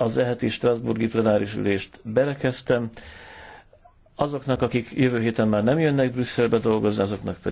az eheti Strasburgi plenáris ülést berekeztem. Azoknak, akik jövő héten már nem jönnek Brüsszelbe dolgozni, azoknak